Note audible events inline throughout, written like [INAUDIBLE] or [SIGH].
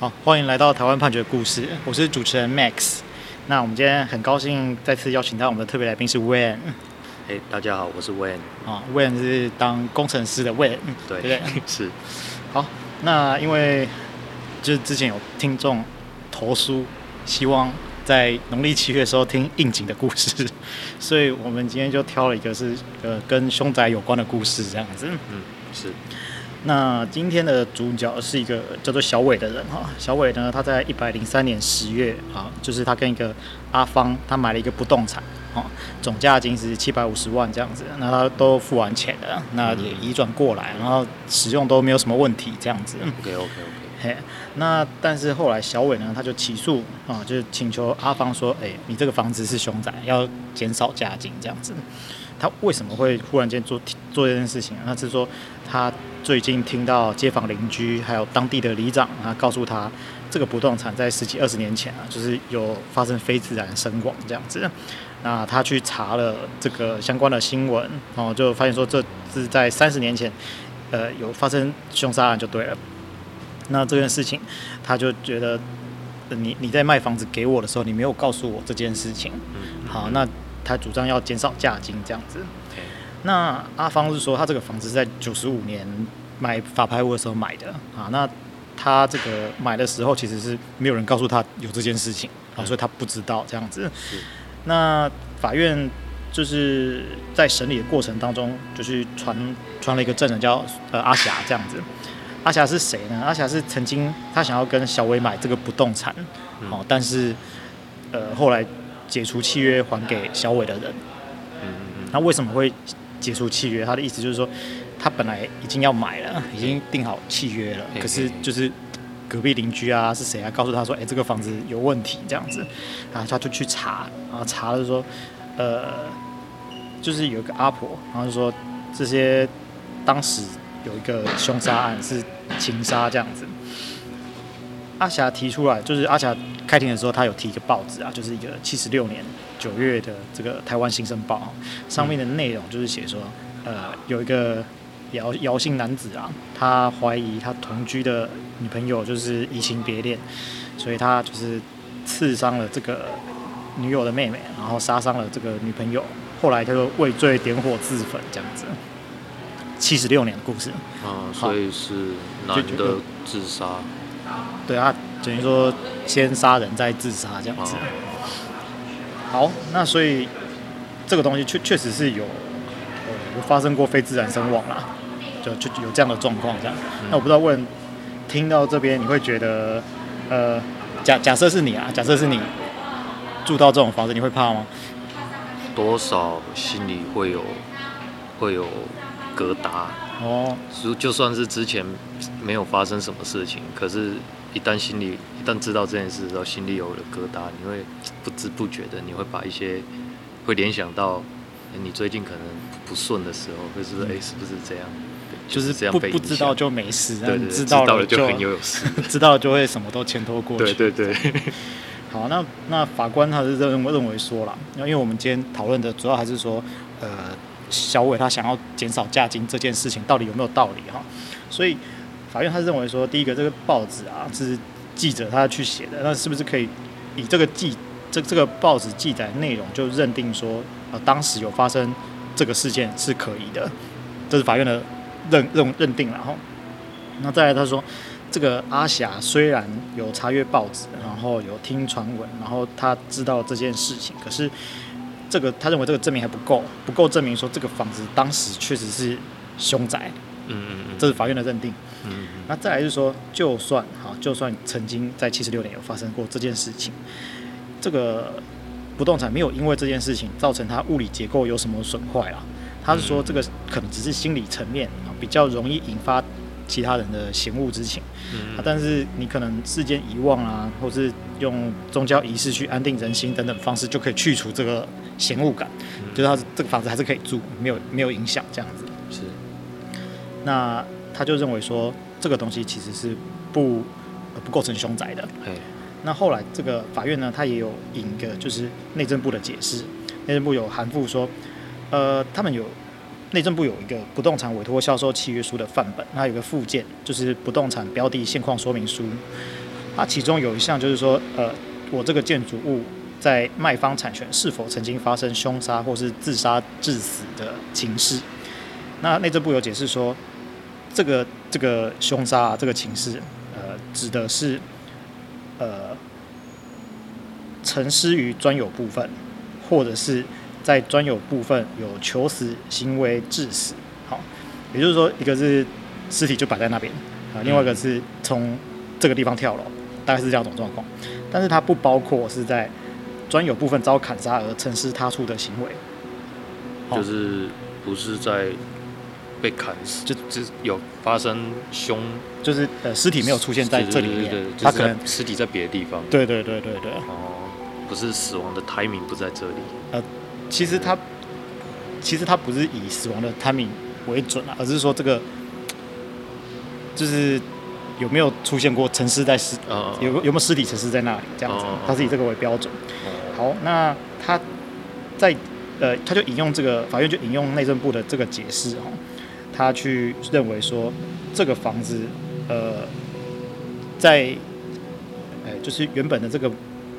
好，歡迎來到台灣判決故事。我是主持人 Max。那我們今天很高興再次邀請到我們的特別來賓是 Wen。欸，大家好，我是 Wen 啊 Wen 是當工程師的 Wen 對，對，是。好，那因為就是之前有聽眾投書，希望在農曆七月的時候聽應景的故事，所以我們今天就挑了一個是呃跟凶宅有關的故事，這樣子。嗯，是。那今天的主角是一個叫做小偉的人哈，小偉呢，他在一百零三年十月啊，就是他跟一個阿芳，他買了一個不動產總價金是七百五十萬這樣子，那他都付完錢了，那也移轉過來，然後使用都沒有什麼問題這樣子。OK OK OK 嘿、嗯，那但是後來小偉呢，他就起訴啊，就是請求阿芳說，哎、欸，你這個房子是凶宅，要減少價金這樣子。他為什麼會忽然間做做這件事情呢？他是說他。最近聽到街坊鄰居還有當地的里長啊，告訴他這個不動產在十幾二十年前啊，就是有發生非自然身亡這樣子。那他去查了這個相關的新聞，然後就發現說這是在三十年前，呃，有發生兇殺案就對了。那這件事情，他就覺得你你在賣房子給我的時候，你沒有告訴我這件事情。嗯。好，那他主張要減少價金這樣子。那阿芳是說，他這個房子是在九十五年買法拍屋的時候買的啊，那他這個買的時候其實是沒有人告訴他有這件事情，啊、嗯，所以他不知道這樣子。是那法院就是在審理的過程當中就，就是傳傳了一個證人叫呃阿霞這樣子。阿霞是誰呢？阿霞是曾經他想要跟小偉買這個不動產，哦、嗯，但是呃後來解除契約還給小偉的人。嗯嗯嗯。那為什麼會？解除契約，他的意思就是說，他本來已經要買了，Yeah. 已經訂好契約了，Yeah. 可是就是隔壁鄰居啊是誰啊，告訴他說，誒、欸，這個房子有問題這樣子，然後他就去查，然後查了說，呃，就是有一個阿婆，然後就說這些當時有一個兇殺案 [LAUGHS] 是情殺這樣子。阿霞提出來，就是阿霞開庭的時候，他有提一個報紙啊，就是一個七十六年九月的這個《台灣新生報》上面的內容就是寫說，呃，有一個姚姚姓男子啊，他懷疑他同居的女朋友就是移情別戀，所以他就是刺傷了這個女友的妹妹，然後殺傷了這個女朋友，後來他就畏罪點火自焚，這樣子。七十六年的故事。啊、嗯，所以是男的自殺。對啊，等於說先殺人再自殺這樣子。哦、好，那所以這個東西確確實是有呃、嗯、發生過非自然身亡啦，就就有這樣的狀況這樣。嗯、那我不知道問，聽到這邊你會覺得呃，假假設是你啊，假設是你住到這種房子，你會怕嗎？多少心裡會有會有疙瘩。哦，就就算是之前沒有發生什麼事情，可是一旦心裡一旦知道這件事之後，心裡有了疙瘩，你會不知不覺的，你會把一些會聯想到，欸、你最近可能不順的時候，會說，哎對、欸，是不是這樣？對就是不這不不知道就沒事，你知道了就很憂有事，知道了就會什麼都牽拖過去。對對對。 [LAUGHS] 好，那那法官他是認認為說了，因為我們今天討論的主要還是說，呃。小偉他想要減少價金這件事情到底有沒有道理哈、哦？所以法院他認為說，第一個這個報紙啊，是記者他去寫的，那是不是可以以這個記這這個報紙記載內容就認定說、呃、當時有發生這個事件是可以的，這是法院的認認認定，然後那再來他說，這個阿霞雖然有查閱報紙，然後有聽傳聞，然後他知道這件事情，可是。這個他認為這個證明還不夠，不夠證明說這個房子當時確實是凶宅。嗯，嗯這是法院的認定。嗯，嗯那再來就是說，就算哈，就算曾經在七十六年有發生過這件事情，這個不動產沒有因為這件事情造成它物理結構有什麼損壞啊。他是說這個可能只是心理層面啊，比較容易引發其他人的嫌惡之情。嗯，嗯但是你可能時間遺忘啊，或是用宗教儀式去安定人心等等方式，就可以去除這個。嫌惡感，覺、就、得、是、他這個房子還是可以住，沒有沒有影響這樣子。是，那他就認為說這個東西其實是不、呃、不構成凶宅的。嘿那後來這個法院呢，他也有引一個就是內政部的解釋，內、嗯、政部有函覆說，呃，他們有內政部有一個不動產委託銷售契約書的範本，那他有個附件就是不動產標的現況說明書，它、啊、其中有一項就是說，呃，我這個建築物。在賣方產權是否曾經發生兇殺或是自殺致死的情事？那內政部有解釋說，這個這個兇殺、啊、這個情事，呃，指的是呃，陳屍於專有部分，或者是在專有部分有求死行為致死。好，也就是說，一個是屍體就擺在那邊啊，另外一個是從這個地方跳樓，嗯、大概是這樣一種狀況。但是它不包括是在專有部分遭砍殺而陳屍他處的行為，哦、就是不是在被砍死，就只有發生凶，就是呃屍體沒有出現在這裡，對對對對，他可能屍體在別的地方，對，對對對對對，哦，不是死亡的 timing 不在這裡，呃，其實他、嗯、其實他不是以死亡的 timing 為準啊，而是說這個就是有沒有出現過陳屍在屍，嗯嗯嗯，有有沒有屍體陳屍在那裡，這樣子，嗯嗯嗯嗯嗯，他是以這個為標準。好，那他在，在呃，他就引用這個法院就引用內政部的這個解釋哦，他去認為說這個房子，呃，在、哎、就是原本的這個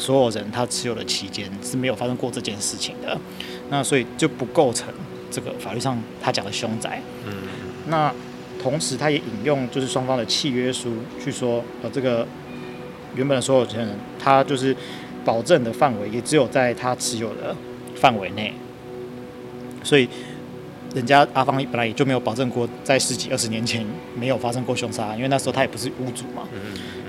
所有人他持有的期間是沒有發生過這件事情的，那所以就不構成這個法律上他講的凶宅。嗯，嗯。那同時他也引用就是雙方的契約書去說，呃，這個原本的所有權人他就是。保證的範圍也只有在他持有的範圍內，所以人家阿芳本來也就沒有保證過，在十幾二十年前沒有發生過兇殺，因為那時候他也不是屋主嘛。嗯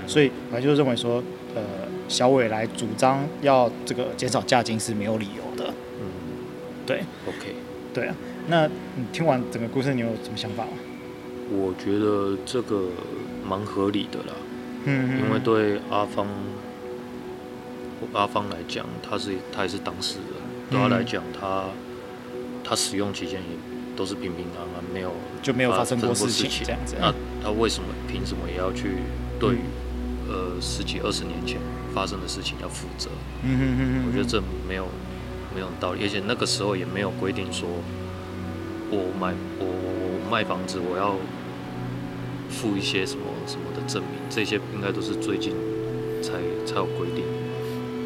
嗯，所以本來就是認為說，呃，小偉來主張要這個減少價金是沒有理由的。嗯，對。OK，對啊。那你聽完整個故事，你有什麼想法啊？我覺得這個蠻合理的啦。嗯嗯，因為對阿芳。我阿芳來講，他是他也是當事人，對、嗯、他來講，他他使用期間也都是平平安安，沒有就沒有發生過事情，過事情這樣，這樣。那他為什麼憑什麼也要去對、嗯、呃十幾二十年前發生的事情要負責？嗯嗯，我覺得這沒有沒有道理，而且那個時候也沒有規定說我買我賣房子我要付一些什麼什麼的證明，這些應該都是最近才才有規定。對這個這種、就是，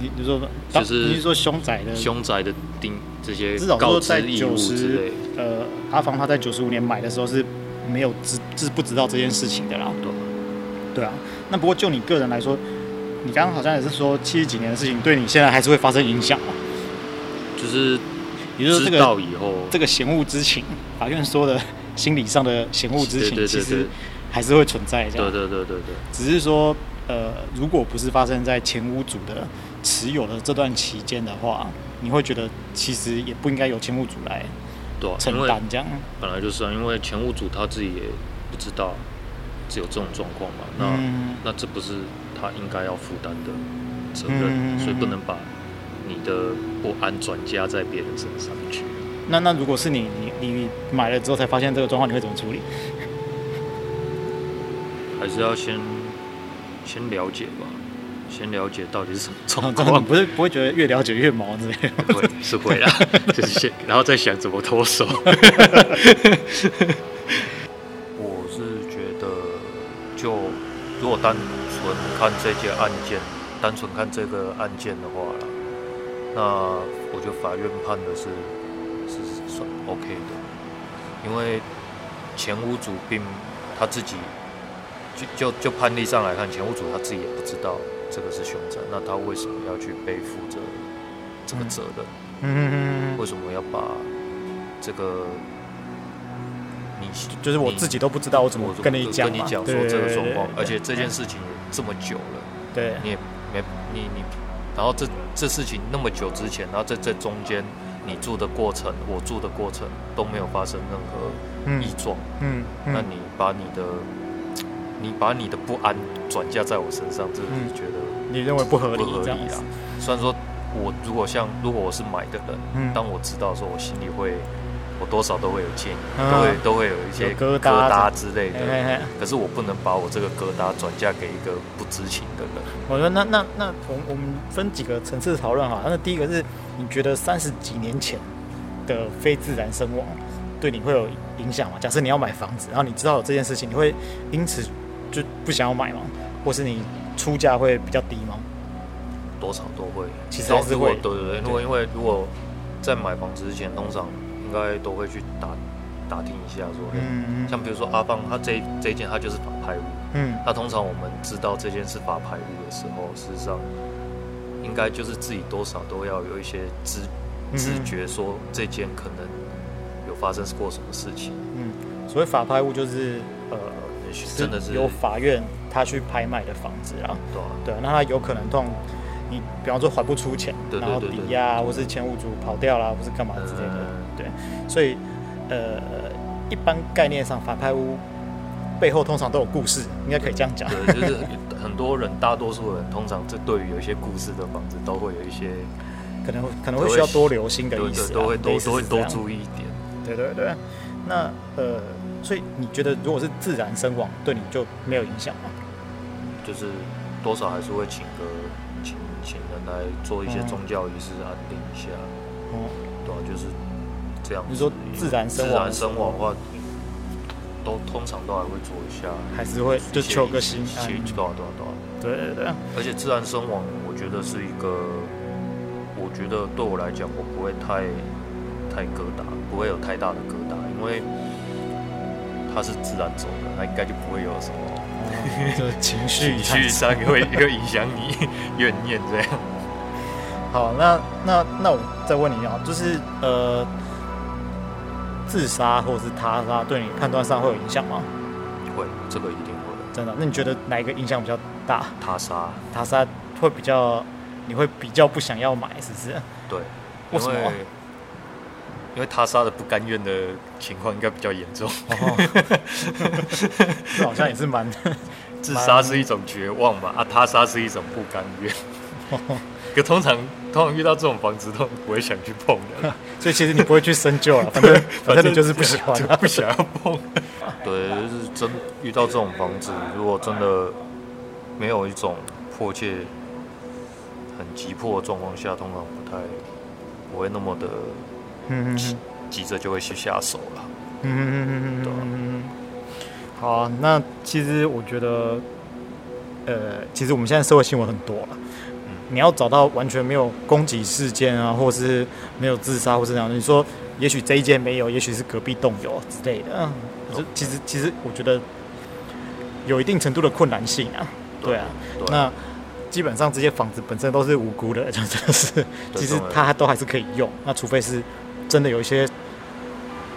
你你說就是你是說凶宅的凶宅的定這些告知至少說在 90, 義務之類，呃，阿芳他在九十五年買的時候是沒有知是不知道這件事情的啦，對、嗯，對啊。那不過就你個人來說，你剛剛好像也是說七十幾年的事情對你現在還是會發生影響就是，也就是這個以後這個嫌惡之情，法院說的心理上的嫌惡之情，對對對對對其實還是會存在，這樣對對對對對，只是說。呃，如果不是發生在前屋主的持有的這段期間的話，你會覺得其實也不應該由前屋主來承擔這樣。啊，本來就是啊，因為前屋主他自己也不知道只有這種狀況嘛。嗯、那那這不是他應該要負擔的責任，嗯嗯嗯、所以不能把你的不安轉嫁在別人身上去。那那如果是你你你買了之後才發現這個狀況，你會怎麼處理？還是要先。嗯先了解吧，先了解到底是什麼狀況。哦、不是，不會覺得越了解越毛？對，是不會，是會啦。 [LAUGHS] 就是先，然後再想怎麼脫手。 [LAUGHS] 我是覺得，就如果單純看這件案件，單純看這個案件的話，那我覺得法院判的是是算 OK 的，因為前屋主並他自己。就就判例上來看，前屋主他自己也不知道這個是凶宅，那他為什麼要去背負着這個責任？嗯，為什麼要把這個？你就，就是我自己都不知道，我怎麼跟你講跟你講說這個狀況，對對對對對，而且這件事情這麼久了，對，對，對，你也沒你你，然後這這事情那麼久之前，然後在在中間你住的過程，我住的過程都沒有發生任何異狀。嗯，嗯，嗯，那你把你的。你把你的不安轉嫁在我身上，這、就、的、是、覺得、嗯、你認為不合理，不合理啊！雖然說，我如果像如果我是買的人，嗯、當我知道說，我心裡會，我多少都會有建議，都會、啊、都會有一些疙瘩疙瘩之類的。嗯嗯、可是我不能把我這個疙瘩轉嫁給一個不知情的人。我說，那那那，我們我們分幾個層次討論哈。那第一個是，你覺得三十幾年前的非自然身亡對你會有影響嗎？假設你要買房子，然後你知道有這件事情，你會因此。就不想要買嗎？或是你出價會比較低嗎？多少都會，其實還是會、哦如果。對對對，如果對因為如果在買房子之前，嗯、通常應該都會去打打聽一下說，說、欸嗯嗯、像比如說阿芳他這這件他就是法拍屋。嗯，那通常我們知道這件是法拍屋的時候，事實上應該就是自己多少都要有一些知、嗯、知覺，說這件可能有發生過什麼事情。嗯，所謂法拍屋就是呃。真的是由法院他去拍賣的房子的對啊，對，那他有可能痛，你比方說還不出錢，然後抵押、啊、或是前屋主跑掉啦、啊，對對對對，或是幹嘛之類的，嗯、對，所以呃，一般概念上法拍屋背後通常都有故事，應該可以這樣講。對，對，對，就是很多人， [LAUGHS] 大多數人通常這對於有一些故事的房子，都會有一些可能會可能會需要多留心的意思、啊對對對，都會多都會多注意一點。對對對，那呃。所以你覺得，如果是自然身亡，嗯、對你就沒有影響嗎？就是多少還是會請個請，請人來做一些宗教儀式，安定一下。哦、嗯，對、啊，就是這樣。你說自然身亡，自然身亡的話，亡的話，通常都還會做一下，還是會是就求個心心，多少多少多少。啊啊、對，對對對。啊、而且自然身亡，我覺得是一個，我覺得對我來講，我不會太太疙瘩，不會有太大的疙瘩，因為。他是自然走的，那應該就不會有什麼 [LAUGHS] 就情緒、情緒上會會影響你怨念這樣。 [LAUGHS] 好，那那那我再問你一下，就是呃，自殺或者是他殺，對你判斷上會有影響嗎、嗯？會，這個一定會的。真的。那你覺得哪一個影響比較大？他殺殺，他殺會比較，你會比較不想要買，是不是？對，為什麼？因為他殺的不甘願的情況應該比較嚴重，哦、 [LAUGHS] [LAUGHS] 這好像也是蠻自殺是一種絕望吧？蠻啊，他殺是一種不甘願。 [LAUGHS] 可通常通常遇到這種房子都不會想去碰的，啊、所以其實你不會去深究了，他們 [LAUGHS] 反正，反正你就是不喜歡，對不想要碰。對，就是真遇到這種房子，如果真的沒有一種迫切、很急迫的狀況下，通常不太不會那麼的。嗯，急着就會去下手了。嗯嗯嗯嗯好、啊，那其實我覺得，呃，其實我們現在社會新聞很多了、啊。嗯。你要找到完全沒有攻擊事件啊，或是沒有自殺或是那樣的。你說也許這一間沒有，也許是隔壁棟有之類的。啊、嗯。其其實其實，其實我覺得有一定程度的困難性啊。對，對啊。那基本上這些房子本身都是無辜的，就真的是，其實它都還是可以用。那除非是。真的有一些，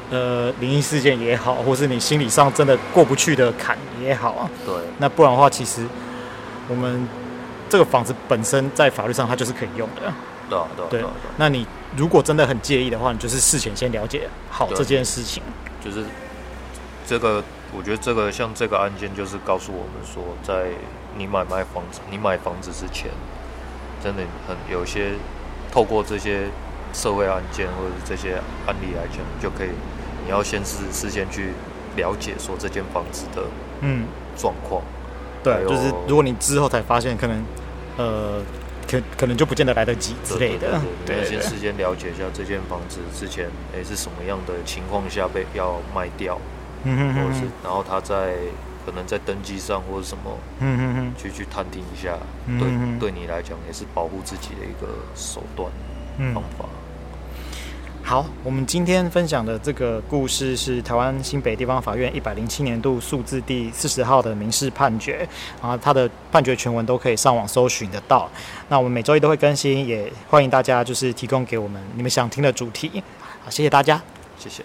呃，靈異事件也好，或是你心理上真的過不去的坎也好啊。對。那不然的話，其實我們這個房子本身在法律上它就是可以用的。對啊對啊對啊。對。對對對對，那你如果真的很介意的話，你就是事前先了解好這件事情。就是這個，我覺得這個像這個案件，就是告訴我們說，在你買賣房子、你買房子之前，真的很有些透過這些。社會案件或者這些案例來講，就可以，你要先是事先去了解說，這間房子的嗯狀況，嗯、對，有就是如果你之後才發現，可能呃可可能就不見得來得及之類的，對，對，對，對，要先事先了解一下這間房子之前哎、嗯、是什麼樣的情況下被要賣掉，或者嗯者是，然後他在可能在登記上或者什麼，嗯哼哼去去探聽一下，對，嗯、哼哼對，對你來講也是保護自己的一個手段、嗯、方法。好，我們今天分享的這個故事是台灣新北地方法院一百零七年度訴字第四十號的民事判決。啊，它的判決全文都可以上網搜尋得到。那我們每周一都會更新，也歡迎大家就是提供給我們你們想聽的主題。好，謝謝大家，謝謝。